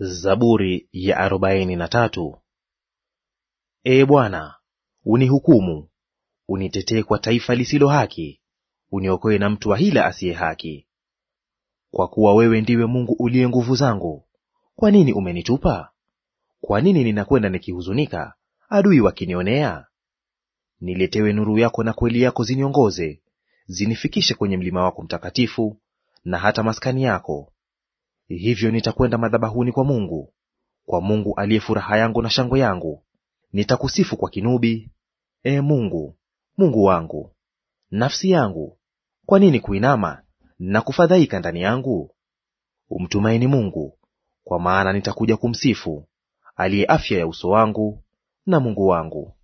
Zaburi ya arobaini na tatu. Ee Bwana, unihukumu, unitetee kwa taifa lisilo haki, uniokoe na mtu wa hila asiye haki. Kwa kuwa wewe ndiwe Mungu uliye nguvu zangu, kwa nini umenitupa? Kwa nini ninakwenda nikihuzunika, adui wakinionea? Niletewe nuru yako na kweli yako ziniongoze, zinifikishe kwenye mlima wako mtakatifu, na hata maskani yako hivyo nitakwenda madhabahuni kwa Mungu, kwa Mungu aliye furaha yangu na shangwe yangu. Nitakusifu kwa kinubi, e Mungu, Mungu wangu. Nafsi yangu kwa nini kuinama na kufadhaika ndani yangu? Umtumaini Mungu, kwa maana nitakuja kumsifu, aliye afya ya uso wangu na Mungu wangu.